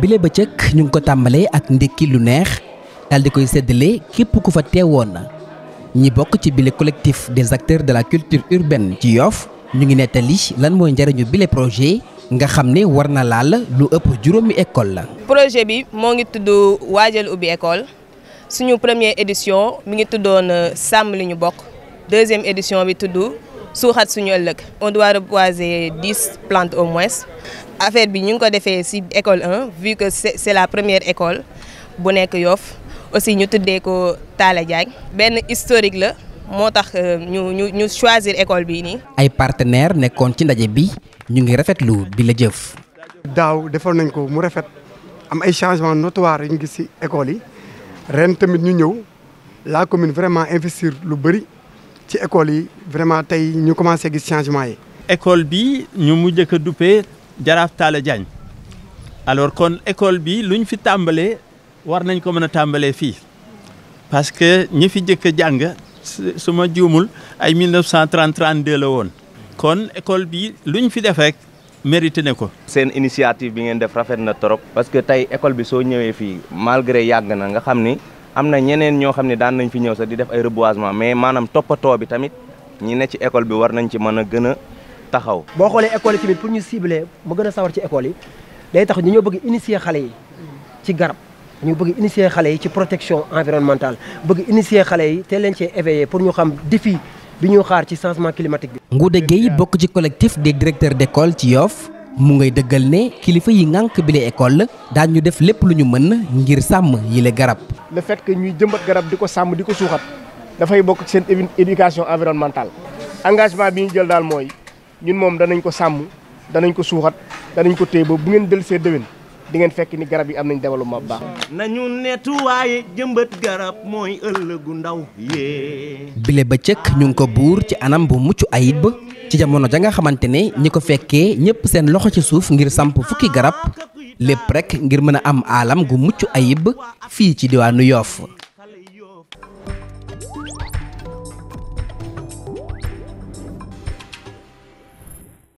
bile bëccëg ñu ngi ko tàmbalee ak ndékki lu neex daal di koy séddale képp ku fa teewoon ñi bokk ci bile collectif des acteurs de la culture urbaine ci Yoff ñu ngi nettali lan mooy njariñu bile projet nga xam ni war na laal lu ëpp juróomi école la. projet bi moo ngi tudd waajal ubbi école suñu première édition mi ngi tuddoon euh, sàmm li ñu bokk deuxième édition bi tudd. suuxat suñu ëllëg on doit reboiser dix plantes au moins affaire bi ñu ngi ko defee ci école 1 vu que c'est la première école bu nekk Yoff aussi ñu tuddee ko Talla Diagne benn historique la moo tax euh, ñu ñu ñu choisir école bii nii. ay partenaires nekkoon ci ndaje bi ñu ngi rafetlu bi la jëf. daaw defoon nañ ko mu rafet am ay changements notoires yu ñu gis ci école yi ren tamit ñu ñëw la commune vraiment investir lu bari. ci école yi vraiment tey ñu commencé gis changement yi. école bi ñu mujj a duppee Jaraaf Talla Diagne alors kon école bi lu luñ fi tàmbalee war nañ ko mën a tàmbalee fii parce que ñi fi njëkk a jàng su ma juumul ay 1930 32 la woon kon école bi luñ fi def rek ne ko. seen initiative bi ngeen def rafet na trop. parce que tey école bi soo ñëwee fii malgré yàgg na nga xam ni. am na ñeneen ñoo xam ne daan nañ fi ñëw sax di def ay reboisement mais maanaam toppatoo bi tamit ñi ne ci école bi war nañ ci mën a gën a taxaw. boo xoolee école yi tamit pour ñu cibler mu gën a sawar ci école yi day tax ñu ñoo bëgg initier xale yi ci garab. ñu bëgg initier xale yi ci protection environnementale bëgg initier xale yi te leen cee éveiller pour ñu xam défi bi ñu xaar ci changement climatique bi. Ngouda Gueye bokk ci collectif di directeurs d'école ci Yoff mu ngay dëggal ne kilifa yi ŋànk bile école daan ñu def lépp lu ñu mën ngir sàmm yile garab. le fait que ñuy jëmbat garab di ko sàmm di ko suuxat dafay bokk seen éducation environnementale engagement bi ñu jël daal mooy ñun moom danañ ko sàmm danañ ko suuxat danañ ko téye ba bu ngeen dellu see déwén di ngeen fekk ni garab yi am nañ développement bu baax. nañu nettuwaaye jëmbat garab mooy ëllëgu ndaw yee. bile ba cëkk ñu ko buur ci anam bu mucc ayib. ci jamono ja nga xamante ne ñi ko fekkee ñëpp seen loxo ci suuf ngir samp fukki garab lépp rekk ngir mën a am aalam gu mucc ayib fii ci diwaanu Yoof